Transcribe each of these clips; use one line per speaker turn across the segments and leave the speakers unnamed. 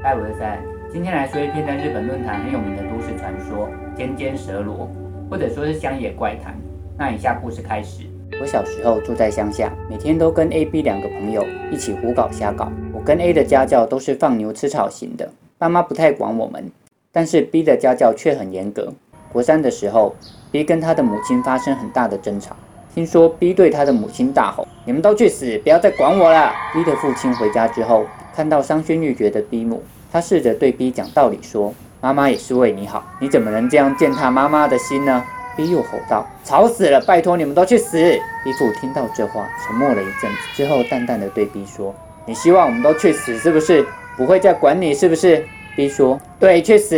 嗨，我是三。今天來說一篇在日本論壇很有名的都市傳說——姦姦蛇螺，或者說是鄉野怪談。那以下故事開始。我小時候住在鄉下，每天都跟 A、B 兩個朋友一起胡搞瞎搞。我跟 A 的家教都是放牛吃草型的，爸媽不太管我們。但是 B 的家教卻很嚴格。國三的時候，B 跟他的母親發生很大的爭吵，聽說 B 對他的母親大吼：“你們都去死，不要再管我啦！”B 的父親回家之後，看到傷心欲絕的逼母，他試着對逼講道理說：“媽媽也是為你好，你怎麼能這樣踐踏媽媽的心呢？”逼又吼道：“吵死了！拜托你們都去死！”逼父聽到這話，沉默了一陣子，之後淡淡的對逼說：“你希望我們都去死是不是？不會再管你是不是？”逼說：“對，去死。”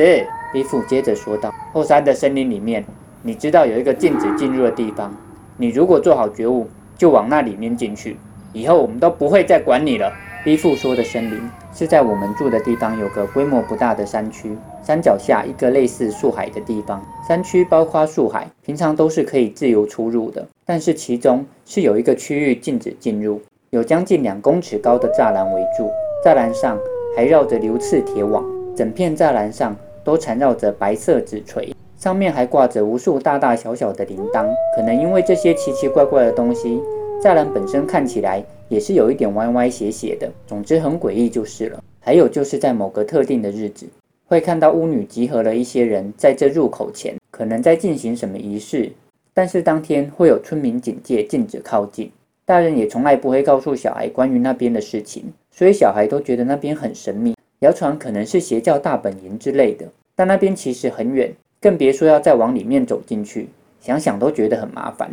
逼父接着說道：“後山的森林裡面，你知道有一個禁止進入的地方，你如果做好覺悟，就往那裡面進去，以後我們都不會再管你了。”逼父說的森林是在我們住的地方，有個規模不大的山區，山腳下一個類似樹海的地方。山區包括樹海，平常都是可以自由出入的，但是其中是有一個區域禁止進入，有將近兩公尺高的柵欄圍住，柵欄上還繞着流刺鐵網，整片柵欄上都纏繞着白色紙錘，上面還掛着無數大大小小的鈴鐺。可能因為這些奇奇怪怪的東西，柵欄本身看起來。也是有一點歪歪斜斜的，總之很詭異就是了。還有就是在某個特定的日子，會看到巫女集合了一些人在這入口前，可能在進行什麼儀式。但是當天會有村民警戒，禁止靠近。大人也從來不會告訴小孩關於那邊的事情，所以小孩都覺得那邊很神秘，謠傳可能是邪教大本營之類的。但那邊其實很遠，更別說要再往裡面走進去，想想都覺得很麻煩。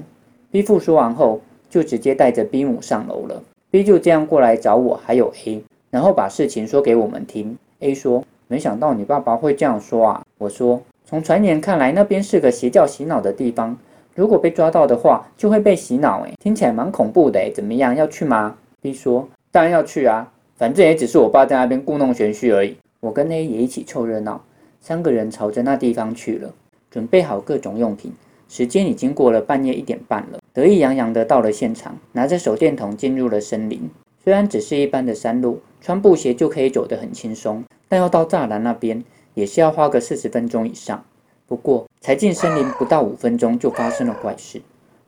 畢父說完後。就直接帶着 B 母上樓了。B 就這樣過來找我，還有 A，然後把事情說給我們聽。A 說：“沒想到你爸爸會這樣說啊。”我說：“從傳言看來，那邊是個邪教洗腦的地方，如果被抓到的話，就會被洗腦。”誒，聽起來蠻恐怖的誒、欸，怎麼樣，要去嗎？B 說：“當然要去啊，反正也只是我爸在那邊故弄玄虛而已。”我跟 A 也一起湊熱鬧，三個人朝着那地方去了，準備好各種用品。時間已經過了半夜一點半了。得意洋洋的到了現場，拿着手電筒進入了森林。雖然只是一般的山路，穿布鞋就可以走得很輕鬆，但要到柵欄那邊也是要花個四十分鐘以上。不過，才進森林不到五分鐘，就發生了怪事。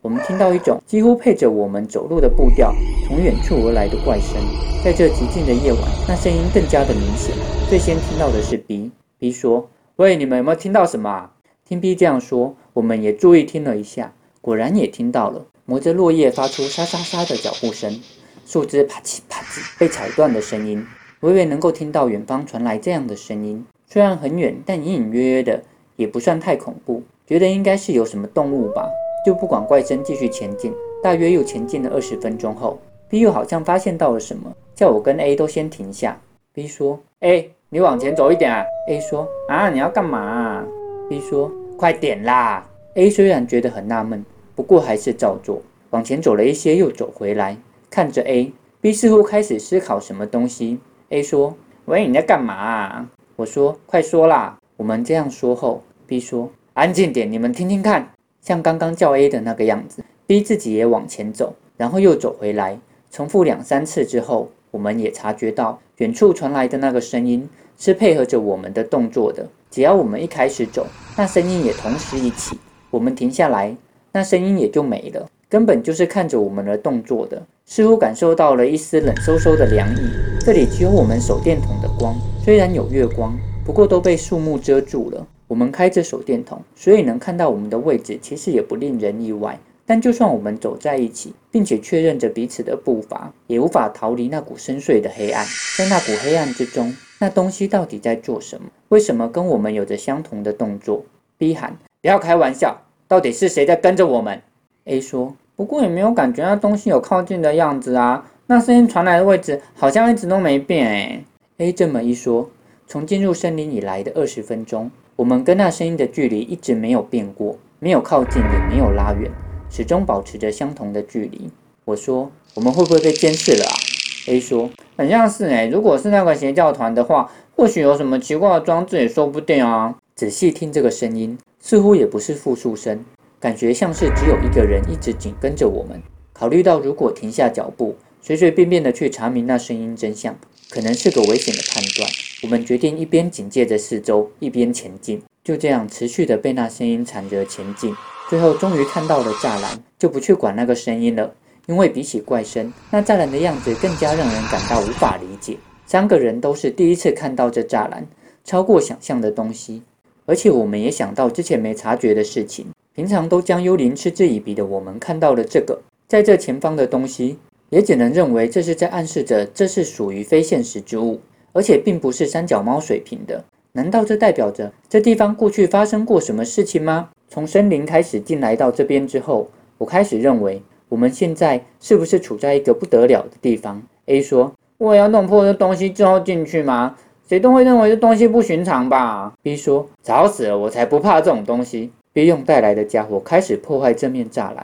我們聽到一種幾乎配着我們走路的步調，從遠處而來的怪聲。在這寂靜的夜晚，那聲音更加的明顯。最先聽到的是 B，B 說：“喂，你們有沒有聽到什麼啊？”聽 B 這樣說，我們也注意聽了一下。果然也聽到了，磨着落葉發出沙沙沙的腳步聲，樹枝啪嘰啪嘰被踩斷的聲音。我以為能夠聽到遠方傳來這樣的聲音，雖然很遠，但隱隱約約的也不算太恐怖。覺得應該是有什麼動物吧，就不管怪聲繼續前進。大約又前進了二十分鐘後，B 又好像發現到了什麼，叫我跟 A 都先停下。B 說：“A，、欸、你往前走一點啊。”A 說：“啊，你要幹嘛？”B 說：“快點啦。” A 雖然覺得很納悶，不過還是照做，往前走了一些，又走回來，看着 A、B 似乎開始思考什麼東西。A 說：“喂，你在幹嘛啊？”我說：“快說啦！”我們這樣說後，B 說：“安靜點，你們聽聽看，像剛剛叫 A 的那個樣子。”B 自己也往前走，然後又走回來，重複兩三次之後，我們也察覺到遠處傳來的那個聲音是配合着我們的動作的。只要我們一開始走，那聲音也同時一起。我們停下來，那聲音也就沒了。根本就是看着我們的動作的，似乎感受到了一絲冷颼颼的涼意。這裡只有我們手電筒的光，雖然有月光，不過都被樹木遮住了。我們開着手電筒，所以能看到我們的位置，其實也不令人意外。但就算我們走在一起，並且確認着彼此的步伐，也無法逃離那股深邃的黑暗。在那股黑暗之中，那東西到底在做什麼？為什麼跟我們有着相同的動作？逼喊。不要開玩笑，到底是誰在跟着我們？A 說：“不過也沒有感覺那東西有靠近的樣子啊，那聲音傳來的位置好像一直都沒變、欸。”哎，A 這麼一說，從進入森林以來的二十分鐘，我們跟那聲音的距離一直沒有變過，沒有靠近也沒有拉遠，始終保持着相同的距離。我說：“我們會不會被監視了啊？”A 說：“很像是哎、欸，如果是那個邪教團的話，或許有什麼奇怪的裝置也說不定啊。”仔細聽這個聲音。似乎也不是複數聲，感覺像是只有一個人一直緊跟着我們。考慮到如果停下腳步，隨隨便便的去查明那聲音真相，可能是個危險的判斷。我們決定一邊警戒着四周，一邊前進。就這樣持續的被那聲音纏着前進，最後終於看到了柵欄，就不去管那個聲音了。因為比起怪聲，那柵欄的樣子更加讓人感到無法理解。三個人都是第一次看到這柵欄，超過想象的東西。而且我們也想到之前沒察覺的事情。平常都將幽靈嗤之以鼻的我們，看到了這個在這前方的東西，也只能認為這是在暗示着這是屬於非現實之物，而且並不是三腳貓水平的。難道這代表着這地方過去發生過什麼事情嗎？從森林開始進來到這邊之後，我開始認為我們現在是不是處在一個不得了的地方？A 說：“我要弄破這東西之後進去嗎？”誰都會認為這東西不尋常吧？B 說：“早死了，我才不怕這種東西。”B 用帶來的家伙開始破壞這面柵欄。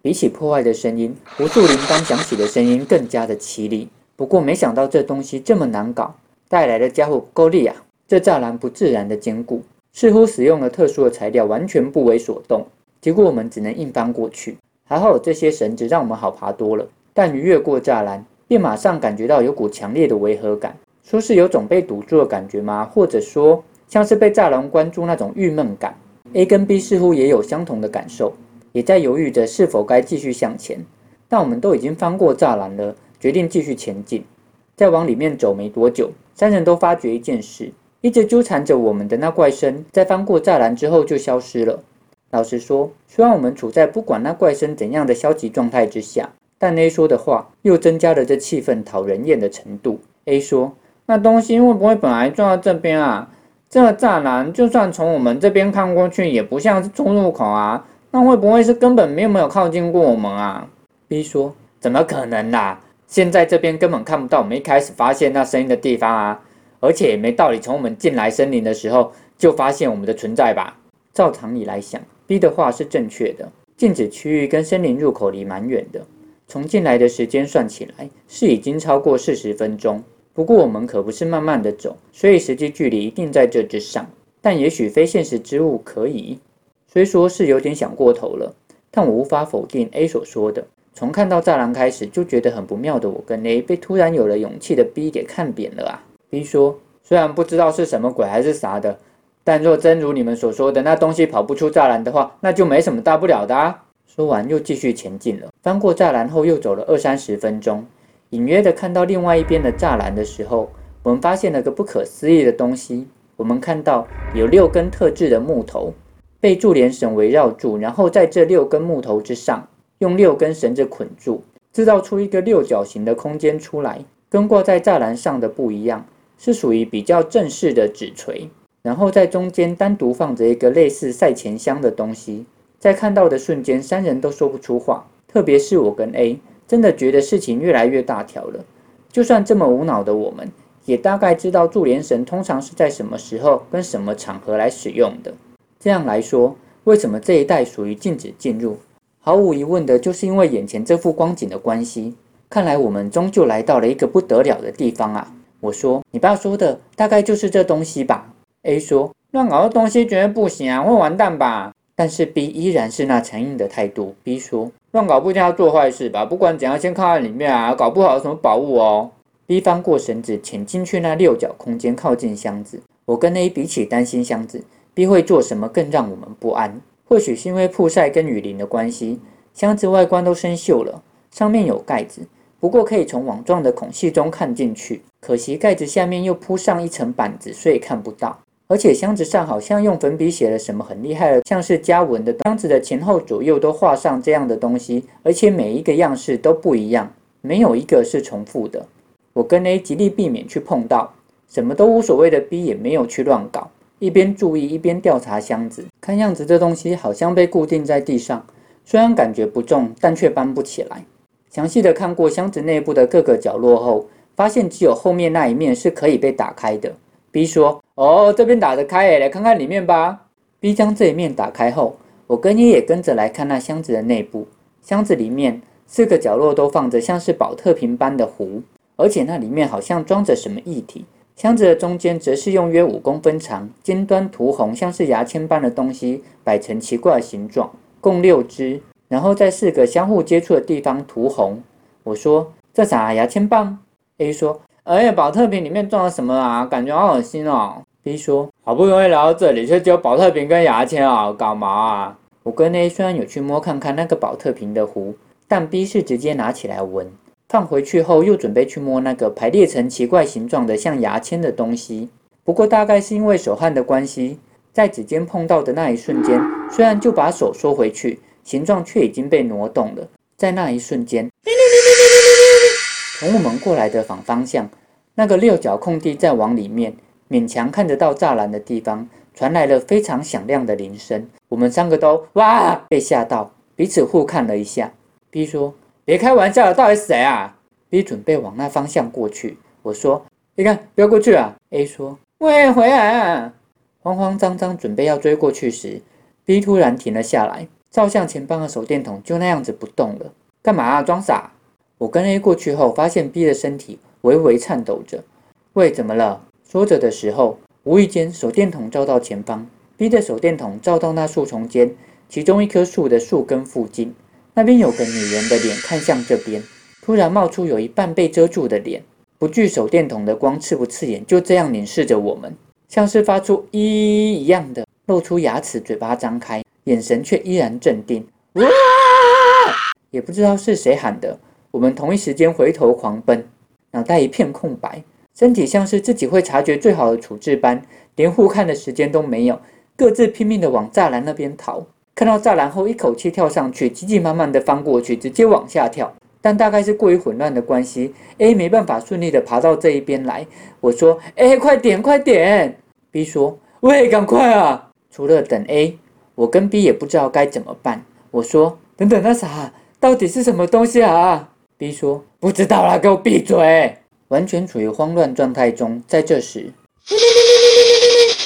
比起破壞的聲音，無數鈴鐺響起的聲音更加的淒厲。不過沒想到這東西這麼難搞，帶來的家伙夠力啊！這柵欄不自然的堅固，似乎使用了特殊的材料，完全不為所動。結果我們只能硬翻過去。還好這些繩子讓我們好爬多了，但逾越過柵欄，便馬上感覺到有股強烈的違和感。說是有種被堵住的感覺嗎？或者說像是被柵欄關住那種鬱悶感？A 跟 B 似乎也有相同的感受，也在猶豫着是否該繼續向前。但我們都已經翻過柵欄了，決定繼續前進。再往裡面走沒多久，三人都發覺一件事：一直糾纏着我們的那怪聲，在翻過柵欄之後就消失了。老實說，雖然我們處在不管那怪聲怎樣的消極狀態之下，但 A 說的話又增加了這氣氛討人厭的程度。A 說。那東西會不會本來撞到這邊啊？這個柵欄就算從我們這邊看過去，也不像是出入口啊。那會不會是根本沒有沒有靠近過我們啊？B 說：“怎麼可能啦、啊！現在這邊根本看不到我們一開始發現那聲音的地方啊。而且也沒道理從我們進來森林的時候就發現我們的存在吧？照常理來想，B 的話是正確的。禁止區域跟森林入口離蠻遠的，從進來的時間算起來，是已經超過四十分鐘。”不過我們可不是慢慢的走，所以實際距離一定在這之上。但也許非現實之物可以，雖說是有點想過頭了，但我無法否定 A 所說的。從看到柵欄開始，就覺得很不妙的我跟 A，被突然有了勇氣的 B 給看扁了啊！B 說：“雖然不知道是什麼鬼還是啥的，但若真如你們所說的那東西跑不出柵欄的話，那就沒什麼大不了的啊。”說完又繼續前進了，翻過柵欄後又走了二三十分鐘。隱約的看到另外一邊的柵欄的時候，我們發現了個不可思議的東西。我們看到有六根特制的木頭被注連繩圍繞住，然後在這六根木頭之上用六根繩子捆住，製造出一個六角形的空間出來，跟掛在柵欄上的不一樣，是屬於比較正式的紙垂。然後在中間單獨放着一個類似賽錢箱的東西。在看到的瞬間，三人都說不出話，特別是我跟 A。真的覺得事情越來越大條了，就算這麼無腦的我們，也大概知道注連繩通常是在什麼時候跟什麼場合來使用的。這樣來說，為什麼這一帶屬於禁止進入？毫無疑問的就是因為眼前這副光景的關係。看來我們終究來到了一個不得了的地方啊！我說，你爸說的大概就是這東西吧？A 說，亂搞的東西絕對不行啊，會完蛋吧？但是 B 依然是那強硬的態度。B 說：“亂搞不一定要做壞事吧？不管怎樣，先看看裡面啊，搞不好有什麼寶物哦。”B 翻過繩子，潛進去那六角空間，靠近箱子。我跟 A 比起擔心箱子，B 會做什麼更讓我們不安。或許是因為曝曬跟雨淋的關係，箱子外觀都生鏽了，上面有蓋子，不過可以從網狀的孔隙中看進去。可惜蓋子下面又鋪上一層板子，所以看不到。而且箱子上好像用粉筆寫了什麼很厲害的，像是家紋的東西，箱子的前後左右都畫上這樣的東西，而且每一個樣式都不一樣，沒有一個是重複的。我跟 A 極力避免去碰到，什麼都無所謂的 B 也沒有去亂搞，一邊注意一邊調查箱子。看樣子這東西好像被固定在地上，雖然感覺不重，但卻搬不起來。詳細的看過箱子內部的各個角落後，發現只有後面那一面是可以被打開的。B 說：“哦，這邊打得開誒，來看看裡面吧。” B 將這一面打開後，我跟你也跟着來看那箱子的內部。箱子裡面四個角落都放着像是保特瓶般的壺，而且那裡面好像裝着什麼液體。箱子的中間則是用約五公分長、尖端塗紅、像是牙籤般的東西擺成奇怪的形狀，共六支，然後在四個相互接觸的地方塗紅。我說：“這啥牙籤棒？”A 說：哎呀，寶特瓶裡面裝了什麼啊？感覺好惡心哦！B 說，好不容易來到這裡，卻只有寶特瓶跟牙籤啊，搞毛啊！我跟 A 雖然有去摸看看那個寶特瓶的壺，但 B 是直接拿起來聞，放回去後又準備去摸那個排列成奇怪形狀的像牙籤的東西。不過大概是因為手汗的關係，在指尖碰到的那一瞬間，雖然就把手縮回去，形狀卻已經被挪動了。在那一瞬間。哩哩哩哩從我們過來的反方向，那個六角空地再往裡面，勉強看得到柵欄的地方，傳來了非常響亮的鈴聲。我們三個都哇被嚇到，彼此互看了一下。B 說：“別開玩笑了，到底是誰啊？”B 準備往那方向過去。我說：“你看，不要過去啊。”A 說：“我也回來。”啊。慌慌張張準備要追過去時，B 突然停了下來，照向前方的手電筒就那樣子不動了。幹嘛啊？裝傻？我跟 A 過去後，發現 B 的身體微微顫抖着。喂，怎麼了？說着的時候，無意間手電筒照到前方，B 的手電筒照到那樹叢間，其中一棵樹的樹根附近，那邊有個女人的臉看向這邊。突然冒出有一半被遮住的臉，不懼手電筒的光刺不刺眼，就這樣凝視着我們，像是發出“咦”一樣的露出牙齒，嘴巴張開，眼神卻依然鎮定。哇、啊！也不知道是誰喊的。我們同一時間回頭狂奔，腦袋一片空白，身體像是自己會察覺最好的處置般，連互看的時間都沒有，各自拼命地往柵欄那邊逃。看到柵欄後，一口氣跳上去，急急忙忙的翻過去，直接往下跳。但大概是過於混亂的關係，A 沒辦法順利的爬到這一邊來。我說：“哎，快點，快點！”B 說：“喂，趕快啊！”除了等 A，我跟 B 也不知道該怎麼辦。我說：“等等，那啥，到底是什麼東西啊？” B 說：“不知道啦，給我閉嘴！”完全處於慌亂狀態中。在這時，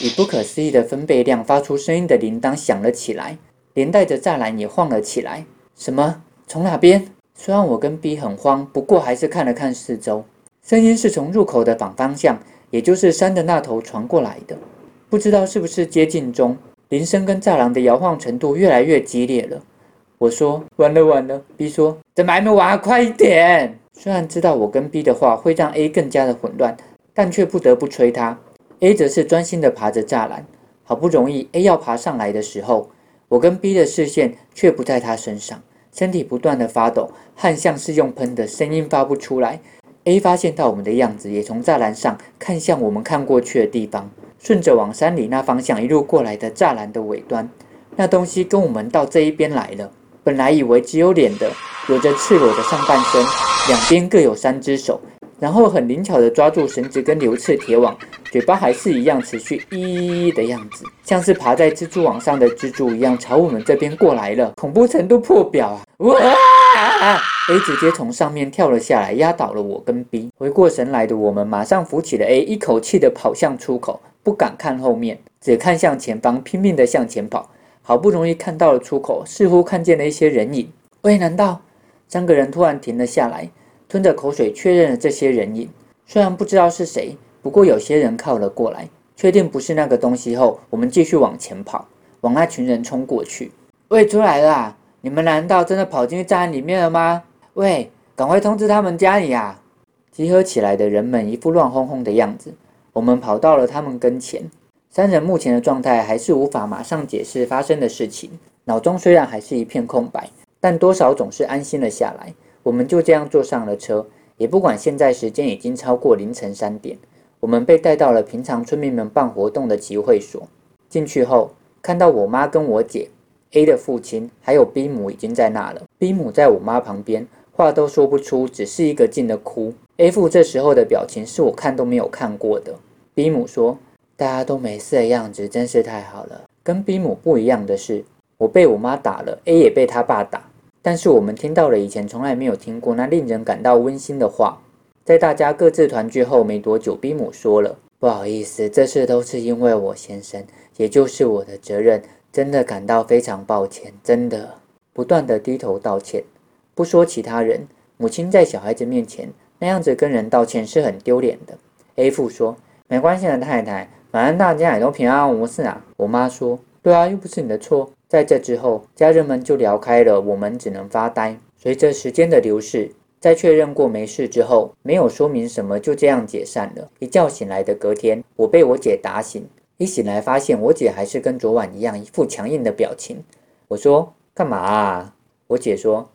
以不可思議的分貝量發出聲音的鈴鐺響了起來，連帶着柵欄也晃了起來。什麼？從哪邊？雖然我跟 B 很慌，不過還是看了看四周，聲音是從入口的反方向，也就是山的那頭傳過來的。不知道是不是接近中，鈴聲跟柵欄的搖晃程度越來越激烈了。我說，完了完了。B 說，怎麼還沒完啊？快一點！雖然知道我跟 B 的話會讓 A 更加的混亂，但卻不得不催他。A 則是專心的爬着柵欄，好不容易 A 要爬上來的時候，我跟 B 的視線卻不在他身上，身體不斷的發抖，汗像是用噴的，聲音發不出來。A 發現到我們的樣子，也從柵欄上看向我們看過去的地方，順着往山裡那方向一路過來的柵欄的尾端，那東西跟我們到這一邊來了。本來以為只有臉的，有着赤裸的上半身，兩邊各有三只手，然後很靈巧的抓住繩子跟牛刺鐵網，嘴巴還是一樣持續“咿咿咿”的樣子，像是爬在蜘蛛網上的蜘蛛一樣朝我們這邊過來了，恐怖程度破表啊！哇啊！A 哇直接從上面跳了下來，壓倒了我跟 B。回過神來的我們馬上扶起了 A，一口氣的跑向出口，不敢看後面，只看向前方，拼命的向前跑。好不容易看到了出口，似乎看見了一些人影。喂，難道三個人突然停了下來，吞着口水確認了這些人影。雖然不知道是誰，不過有些人靠了過來。確定不是那個東西後，我們繼續往前跑，往那群人衝過去。喂，出來啦，啊！你們難道真的跑進去站裡面了嗎？喂，趕快通知他們家裡啊！集合起來的人們一副亂哄哄的樣子。我們跑到了他們跟前。三人目前的狀態還是無法馬上解釋發生的事情，腦中雖然還是一片空白，但多少總是安心了下來。我們就這樣坐上了車，也不管現在時間已經超過凌晨三點。我們被帶到了平常村民們辦活動的集會所，進去後看到我媽跟我姐 A 的父親還有 B 母已經在那了。B 母在我媽旁邊，話都說不出，只是一個勁的哭。A 父這時候的表情是我看都沒有看過的。B 母說。大家都沒事的樣子真是太好了。跟 B 母不一樣的是，我被我媽打了，A 也被他爸打。但是我們聽到了以前從來沒有聽過那令人感到溫馨的話。在大家各自團聚後沒多久，B 母說了：“不好意思，這次都是因為我先生，也就是我的責任，真的感到非常抱歉，真的。”不斷地低頭道歉，不說其他人，母親在小孩子面前那樣子跟人道歉是很丟臉的。A 父說：“沒關係的，太太。”反正，大家也都平安無事啊。我媽說：“對啊，又不是你的錯。”在這之後，家人們就聊開了，我們只能發呆。隨着時間的流逝，在確認過沒事之後，沒有說明什麼，就這樣解散了。一覺醒來的隔天，我被我姐打醒，一醒來發現我姐還是跟昨晚一樣，一副強硬的表情。我說：“幹嘛啊？”我姐說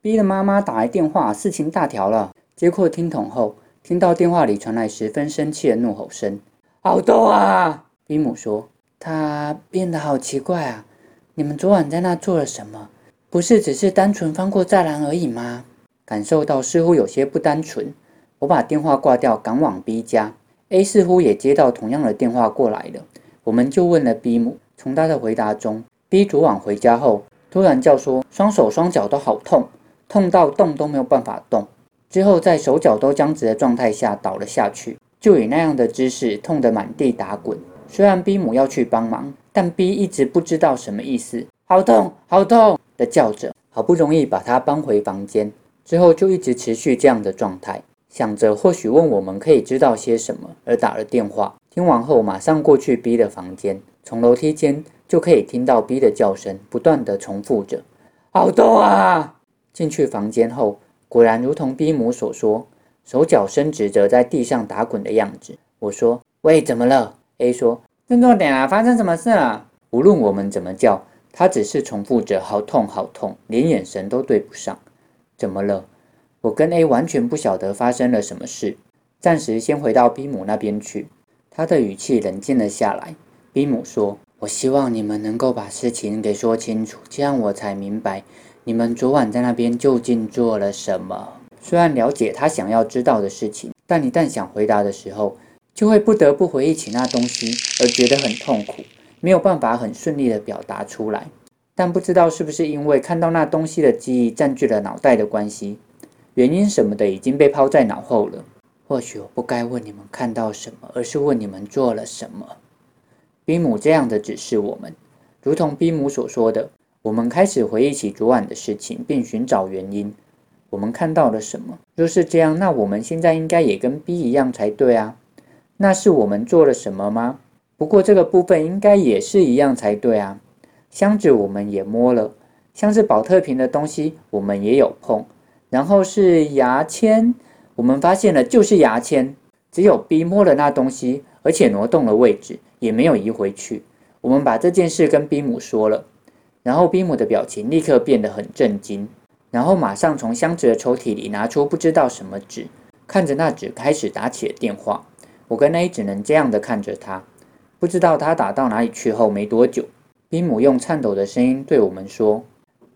：“B 的媽媽打來電話，事情大條了。”接過聽筒後，聽到電話裡傳來十分生氣的怒吼聲。好痛啊！B 母說：“他變得好奇怪啊，你們昨晚在那做了什麼？不是只是單純翻過柵欄而已嗎？”感受到似乎有些不單純，我把電話掛掉，趕往 B 家。A 似乎也接到同樣的電話過來了。我們就問了 B 母，從他的回答中，B 昨晚回家後突然叫說雙手雙腳都好痛，痛到動都沒有辦法動，之後在手腳都僵直的狀態下倒了下去。就以那樣的姿勢痛得滿地打滾。雖然 B 母要去幫忙，但 B 一直不知道什麼意思，好痛好痛的叫着。好不容易把他搬回房間，之後就一直持續這樣的狀態。想着或許問我們可以知道些什麼，而打了電話。聽完後馬上過去 B 的房間，從樓梯間就可以聽到 B 的叫聲，不斷的重複着“好痛啊”。進去房間後，果然如同 B 母所說。手腳伸直着在地上打滾的樣子。我說：“喂，怎麼了？”A 說：“振作點啊，發生什麼事了啊？”無論我們怎麼叫，他只是重複着“好痛，好痛”，連眼神都對不上。怎麼了？我跟 A 完全不曉得發生了什麼事。暫時先回到 B 母那邊去。他的語氣冷靜了下來。B 母說：“我希望你們能夠把事情給說清楚，這樣我才明白你們昨晚在那邊究竟做了什麼。”雖然了解他想要知道的事情，但一旦想回答的時候，就會不得不回憶起那東西，而覺得很痛苦，沒有辦法很順利地表達出來。但不知道是不是因為看到那東西的記憶占據了腦袋的關係，原因什麼的已經被拋在腦後了。或許我不該問你們看到什麼，而是問你們做了什麼。冰姆這樣的指示我們，如同冰姆所說的，我們開始回憶起昨晚的事情，並尋找原因。我們看到了什麼？若是這樣，那我們現在應該也跟 B 一樣才對啊。那是我們做了什麼嗎？不過這個部分應該也是一樣才對啊。箱子我們也摸了，像是寶特瓶的東西我們也有碰，然後是牙籤，我們發現了就是牙籤。只有 B 摸了那東西，而且挪動了位置，也沒有移回去。我們把這件事跟 B 母說了，然後 B 母的表情立刻變得很震驚。然後馬上從箱子的抽屜裡拿出不知道什麼紙，看着那紙開始打起了電話。我跟 A 只能這樣的看着他，不知道他打到哪裡去後沒多久，B 母用顫抖的聲音對我們說：“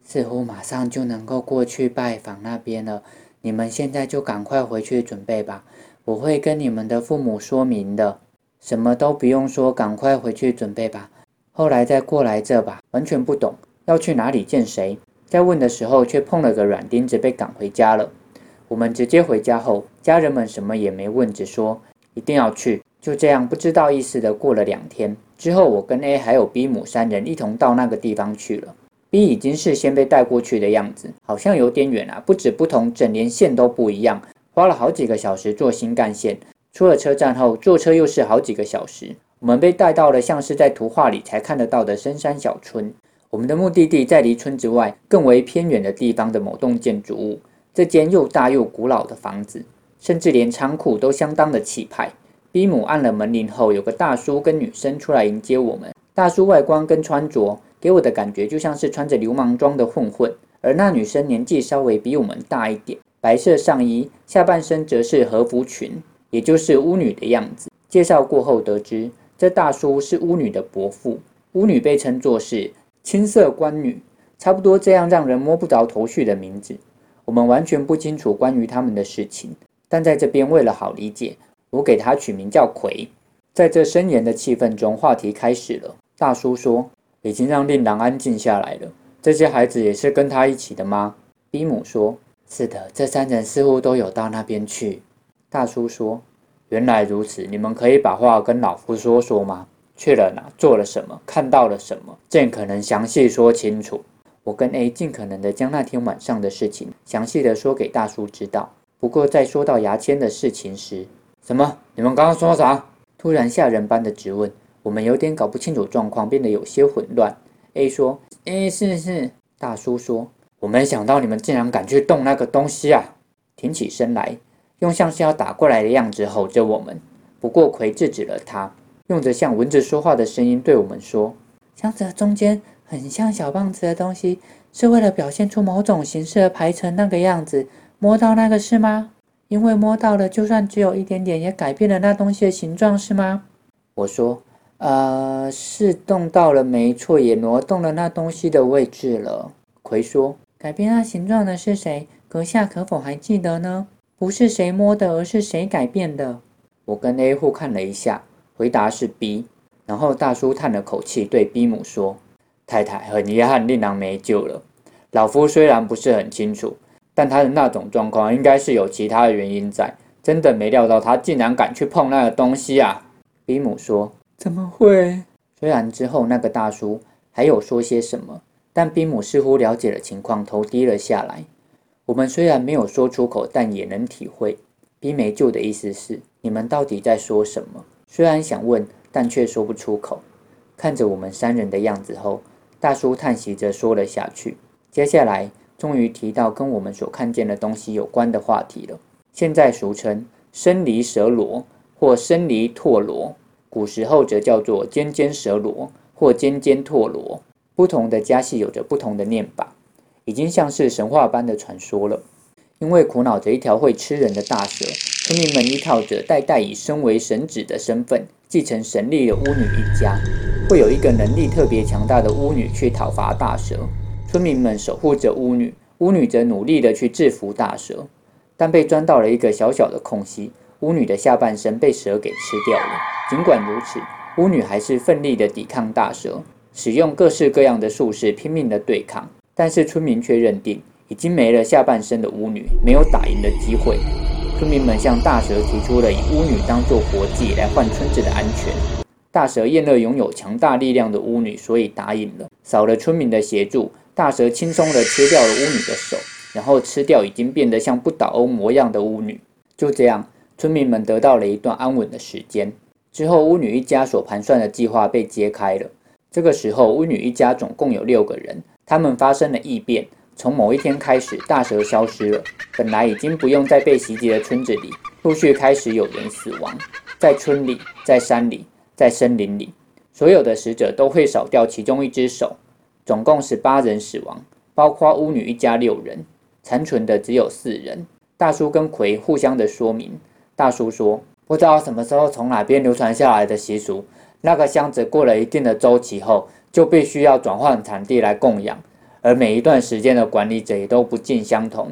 似乎馬上就能夠過去拜訪那邊了，你們現在就趕快回去準備吧，我會跟你們的父母說明的，什麼都不用說，趕快回去準備吧。”後來再過來這吧，完全不懂要去哪裡見誰。在問的時候，卻碰了個軟釘子，被趕回家了。我們直接回家後，家人們什麼也沒問，只說一定要去。就這樣，不知道意思的過了兩天之後，我跟 A 還有 B 母三人一同到那個地方去了。B 已經是先被帶過去的樣子，好像有點遠啊，不止不同，整連線都不一樣，花了好幾個小時坐新幹線。出了車站後，坐車又是好幾個小時，我們被帶到了像是在圖畫裡才看得到的深山小村。我們的目的地在離村子外更為偏遠的地方的某棟建築物。這間又大又古老的房子，甚至連倉庫都相當的氣派。比姆按了門鈴後，有個大叔跟女生出來迎接我們。大叔外觀跟穿着給我的感覺就像是穿着流氓裝的混混，而那女生年紀稍微比我們大一點，白色上衣，下半身則是和服裙，也就是巫女的樣子。介紹過後，得知這大叔是巫女的伯父。巫女被稱作是。青色官女，差不多這樣讓人摸不着頭緒的名字，我們完全不清楚關於他們的事情。但在這邊，為了好理解，我給他取名叫葵。在這森嚴的氣氛中，話題開始了。大叔說：“已經讓令郎安靜下來了。”這些孩子也是跟他一起的嗎？比姆說：“是的，這三人似乎都有到那邊去。”大叔說：“原來如此，你們可以把話跟老夫說說嗎？”去了哪？做了什麼？看到了什麼？盡可能詳細說清楚。我跟 A 盡可能的將那天晚上的事情詳細的說給大叔知道。不過在說到牙籤的事情時，什麼？你們剛剛說啥？突然嚇人般的質問，我們有點搞不清楚狀況，變得有些混亂。A 說：“誒、欸，是是。”大叔說：“我沒想到你們竟然敢去動那個東西啊！”挺起身來，用像是要打過來的樣子吼着我們。不過葵制止了他。用着像蚊子說話的聲音對我們說：“箱子的中間很像小棒子的東西，是為了表現出某種形式而排成那個樣子。摸到那個是嗎？因為摸到了，就算只有一點點，也改變了那東西的形狀，是嗎？”我說：“呃，是動到了，沒錯，也挪動了那東西的位置了。”魁說：“改變那形狀的是誰？閣下可否還記得呢？不是誰摸的，而是誰改變的？”我跟 A 互看了一下。回答是 B，然後大叔嘆了口氣，對 B 母說：“太太，很遺憾令郎沒救了。老夫雖然不是很清楚，但他的那種狀況應該是有其他的原因在。真的沒料到他竟然敢去碰那個東西啊！”B 母說：“怎麼會？”雖然之後那個大叔還有說些什麼，但 B 母似乎了解了情況，頭低了下來。我們雖然沒有說出口，但也能體會 B 沒救的意思是你們到底在說什麼？雖然想問，但卻說不出口。看着我們三人的樣子後，大叔嘆息着說了下去。接下來，終於提到跟我們所看見的東西有關的話題了。現在俗稱“生離蛇螺”或“生離陀螺”，古時候則叫做“姦姦蛇螺”或“姦姦陀螺”。不同的家系有着不同的念法，已經像是神話般的傳說了。因為苦惱着一條會吃人的大蛇。村民們依靠着代代以身為神子的身份繼承神力的巫女一家，會有一個能力特別強大的巫女去討伐大蛇。村民們守護着巫女，巫女則努力的去製服大蛇，但被鑽到了一個小小的空隙，巫女的下半身被蛇給吃掉了。儘管如此，巫女還是奮力的抵抗大蛇，使用各式各樣的術式拼命的對抗。但是村民卻認定，已經沒了下半身的巫女沒有打贏的機會。村民們向大蛇提出了以巫女當作活祭來換村子的安全。大蛇厭惡擁有強大力量的巫女，所以答應了。少了村民的協助，大蛇輕鬆地切掉了巫女的手，然後吃掉已經變得像不倒翁模樣的巫女。就這樣，村民們得到了一段安穩的時間。之後，巫女一家所盤算的計劃被揭開了。這個時候，巫女一家總共有六個人，他們發生了異變。從某一天開始，大蛇消失了。本來已經不用再被襲擊的村子裡，陸續開始有人死亡。在村裡，在山裡，在森林裡，所有的死者都會少掉其中一隻手。總共十八人死亡，包括巫女一家六人，殘存的只有四人。大叔跟魁互相的說明。大叔說：“不知道什麼時候從哪邊流傳下來的習俗，那個箱子過了一定的周期後，就必須要轉換產地來供養。”而每一段時間的管理者也都不盡相同，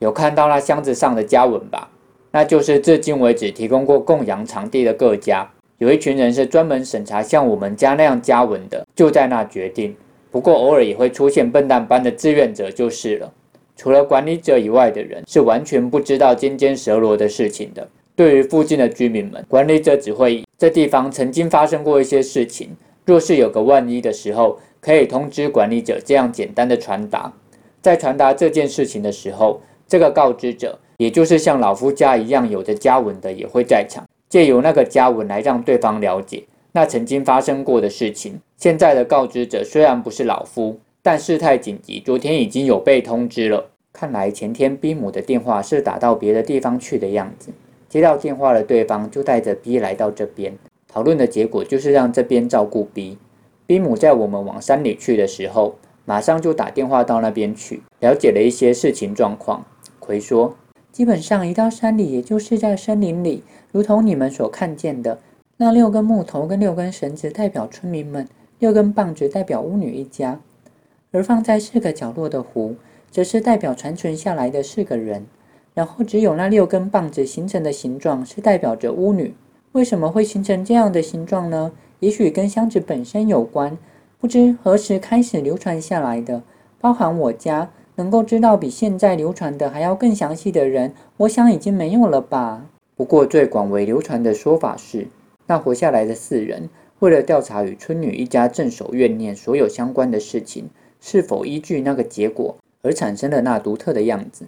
有看到那箱子上的家紋吧？那就是至今為止提供過供養場地的各家，有一群人是專門審查像我們家那樣家紋的，就在那決定。不過偶爾也會出現笨蛋般的志願者就是了。除了管理者以外的人是完全不知道姦姦蛇螺的事情的。對於附近的居民們，管理者只會以這地方曾經發生過一些事情，若是有個萬一的時候。可以通知管理者這樣簡單的傳達，在傳達這件事情的時候，這個告知者也就是像老夫家一樣有着家紋的也會在場，借由那個家紋來讓對方了解那曾經發生過的事情。現在的告知者雖然不是老夫，但事態緊急，昨天已經有被通知了。看來前天 B 母的電話是打到別的地方去的樣子，接到電話的對方就帶着 B 來到這邊，討論的結果就是讓這邊照顧 B。賓母在我們往山裡去的時候，馬上就打電話到那邊去了解了一些事情狀況。魁說，基本上一到山裡，也就是在森林裡，如同你們所看見的，那六根木頭跟六根繩子代表村民們，六根棒子代表巫女一家，而放在四個角落的壺，則是代表傳承下來的四個人。然後只有那六根棒子形成的形狀是代表着巫女。為什麼會形成這樣的形狀呢？也許跟箱子本身有關，不知何時開始流傳下來的。包含我家能夠知道比現在流傳的還要更詳細的人，我想已經沒有了吧。不過最廣為流傳的說法是，那活下來的四人為了調查與村女一家鎮守怨念所有相關的事情，是否依據那個結果而產生了那獨特的樣子。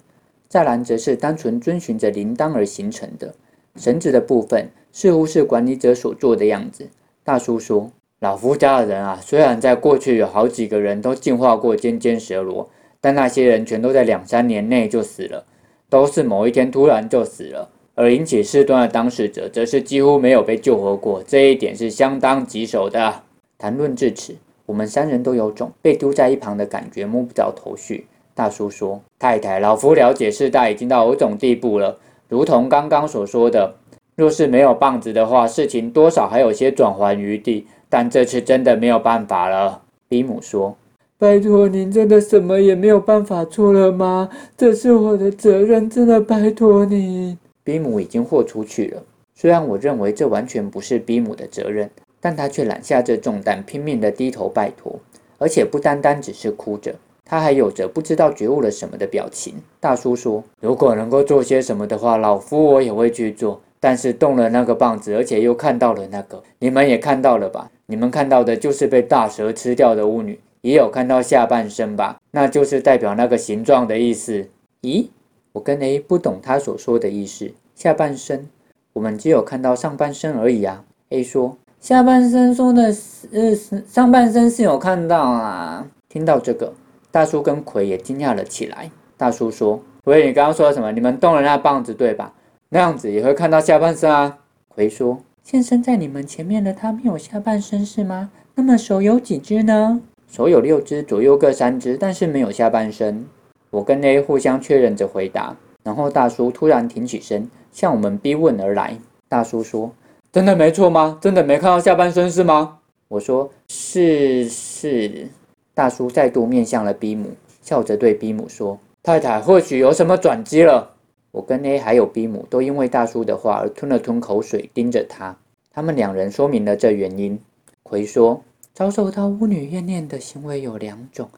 再來則是單純遵循着鈴鐺而形成的繩子的部分，似乎是管理者所做的樣子。大叔說：“老夫家的人啊，雖然在過去有好幾個人都進化過姦姦蛇螺，但那些人全都在兩三年內就死了，都是某一天突然就死了。而引起事端的當事者，則是幾乎沒有被救活過，這一點是相當棘手的。”談論至此，我們三人都有種被丟在一旁的感覺，摸不着頭緒。大叔說：“太太，老夫了解事態已經到某種地步了，如同剛剛所說的。”若是沒有棒子的話，事情多少還有些轉圜餘地。但這次真的沒有辦法了，比姆說：“拜託您，真的什麼也沒有辦法做了嗎？這是我的責任，真的拜託您。”比姆已經豁出去了。雖然我認為這完全不是比姆的責任，但他卻攬下這重擔，拼命地低頭拜託，而且不單單只是哭着，他還有着不知道覺悟了什麼的表情。大叔說：“如果能夠做些什麼的話，老夫我也會去做。”但是動了那個棒子，而且又看到了那個，你們也看到了吧？你們看到的就是被大蛇吃掉的巫女，也有看到下半身吧？那就是代表那個形狀的意思。咦，我跟 A 不懂他所說的意思。下半身，我們只有看到上半身而已啊。A 說，下半身說的是、呃、上半身是有看到啊。聽到這個，大叔跟魁也驚訝了起來。大叔說：“喂，你剛剛說什麼？你們動了那棒子對吧？”這樣子也會看到下半身啊，奎說。現身在你們前面的他沒有下半身是嗎？那麼手有幾隻呢？手有六隻，左右各三隻，但是沒有下半身。我跟 A 互相確認着回答，然後大叔突然挺起身，向我們逼問而來。大叔說：“真的沒錯嗎？真的沒看到下半身是嗎？”我說：“是是。”大叔再度面向了 B 母，笑着對 B 母說：“太太，或許有什麼轉機了。”我跟 A 還有 B 母都因為大叔的話而吞了吞口水，盯着他。他們兩人說明了這原因。奎說：“遭受到巫女怨念的行為有兩種，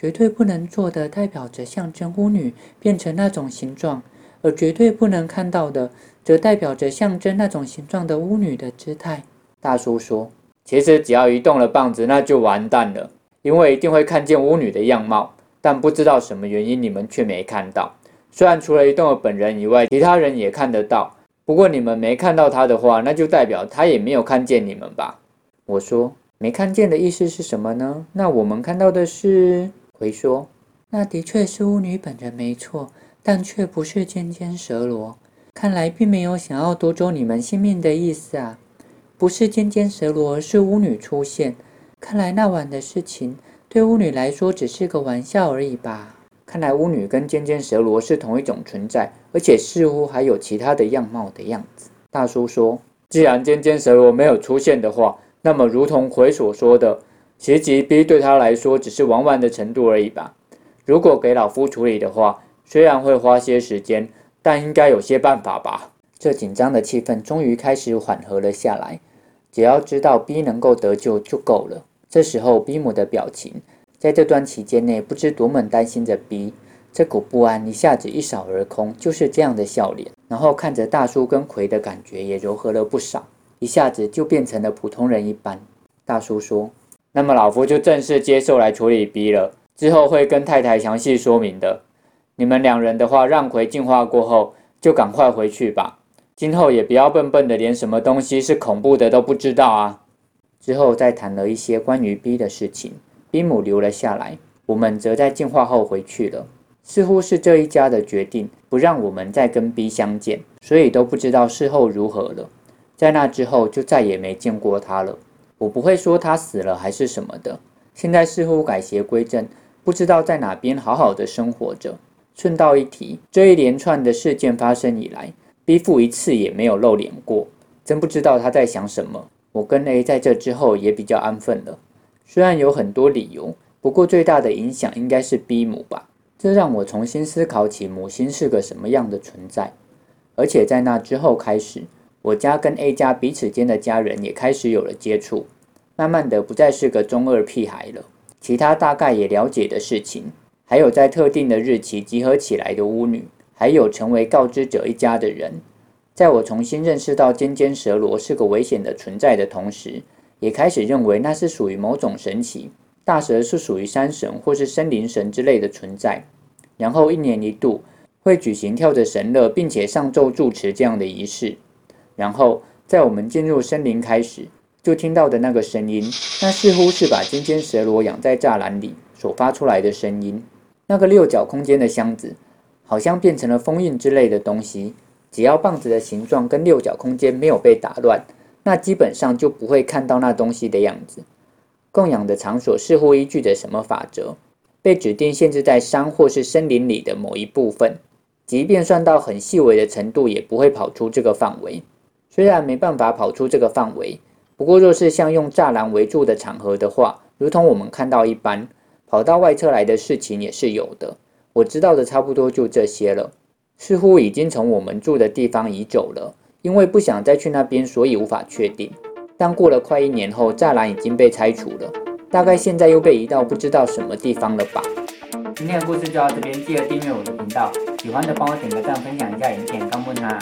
絕對不能做的代表着象徵巫女變成那種形狀，而絕對不能看到的則代表着象徵那種形狀的巫女的姿態。”大叔說：“其實只要移動了棒子，那就完蛋了，因為一定會看見巫女的樣貌，但不知道什麼原因你們卻沒看到。”雖然除了一棟我本人以外，其他人也看得到。不過你們沒看到他的話，那就代表他也沒有看見你們吧？我說沒看見的意思是什麼呢？那我們看到的是回說，那的確是巫女本人沒錯，但卻不是姦姦蛇螺。看來並沒有想要奪走你們性命的意思啊！不是姦姦蛇螺是巫女出現。看來那晚的事情對巫女來說只是個玩笑而已吧。看來巫女跟姦姦蛇螺是同一種存在，而且似乎還有其他的樣貌的樣子。大叔說：“既然姦姦蛇螺沒有出現的話，那麼如同回所說的，襲擊 B 對他來說只是玩玩的程度而已吧。如果給老夫處理的話，雖然會花些時間，但應該有些辦法吧。”這緊張的氣氛終於開始緩和了下來，只要知道 B 能夠得救就夠了。這時候，B 母的表情。在這段期間內，不知多麼擔心着 B，這股不安一下子一掃而空，就是這樣的笑臉。然後看着大叔跟葵的感覺也柔和了不少，一下子就變成了普通人一般。大叔說：“那麼老夫就正式接受來處理 B 了，之後會跟太太詳細說明的。你們兩人的話，讓葵淨化過後就趕快回去吧。今後也不要笨笨的，連什麼東西是恐怖的都不知道啊。”之後再談了一些關於 B 的事情。B 母留了下來，我們則在淨化後回去了。似乎是這一家的決定，不讓我們再跟 B 相見，所以都不知道事後如何了。在那之後就再也沒見過他了。我不會說他死了還是什麼的。現在似乎改邪歸正，不知道在哪邊好好的生活着。順道一提，這一連串的事件發生以來，B 父一次也沒有露臉過，真不知道他在想什麼。我跟 A 在這之後也比較安分了。雖然有很多理由，不過最大的影響應該是 B 母吧。這讓我重新思考起母親是個什麼樣的存在。而且在那之後開始，我家跟 A 家彼此間的家人也開始有了接觸，慢慢的不再是個中二屁孩了。其他大概也了解的事情，還有在特定的日期集合起來的巫女，還有成為告知者一家的人。在我重新認識到姦姦蛇螺是個危險的存在的同時。也開始認為那是屬於某種神奇，大蛇是屬於山神或是森林神之類的存在，然後一年一度會舉行跳着神樂並且上奏祝詞這樣的儀式，然後在我們進入森林開始就聽到的那個聲音，那似乎是把姦姦蛇螺養在柵欄裡所發出來的聲音，那個六角空間的箱子好像變成了封印之類的東西，只要棒子的形狀跟六角空間沒有被打亂。那基本上就不會看到那東西的樣子。供養的場所似乎依據着什麼法則，被指定限制在山或是森林裡的某一部分，即便算到很細微的程度，也不會跑出這個範圍。雖然沒辦法跑出這個範圍，不過若是像用柵欄圍住的場合的話，如同我們看到一般，跑到外側來的事情也是有的。我知道的差不多就這些了。似乎已經從我們住的地方移走了。因為不想再去那邊，所以無法確定。但過了快一年後，柵欄已經被拆除了，大概現在又被移到不知道什麼地方了吧。今天的故事就到這邊，記得訂閱我的頻道，喜歡的幫我點個讚，分享一下影片，甘溫啦。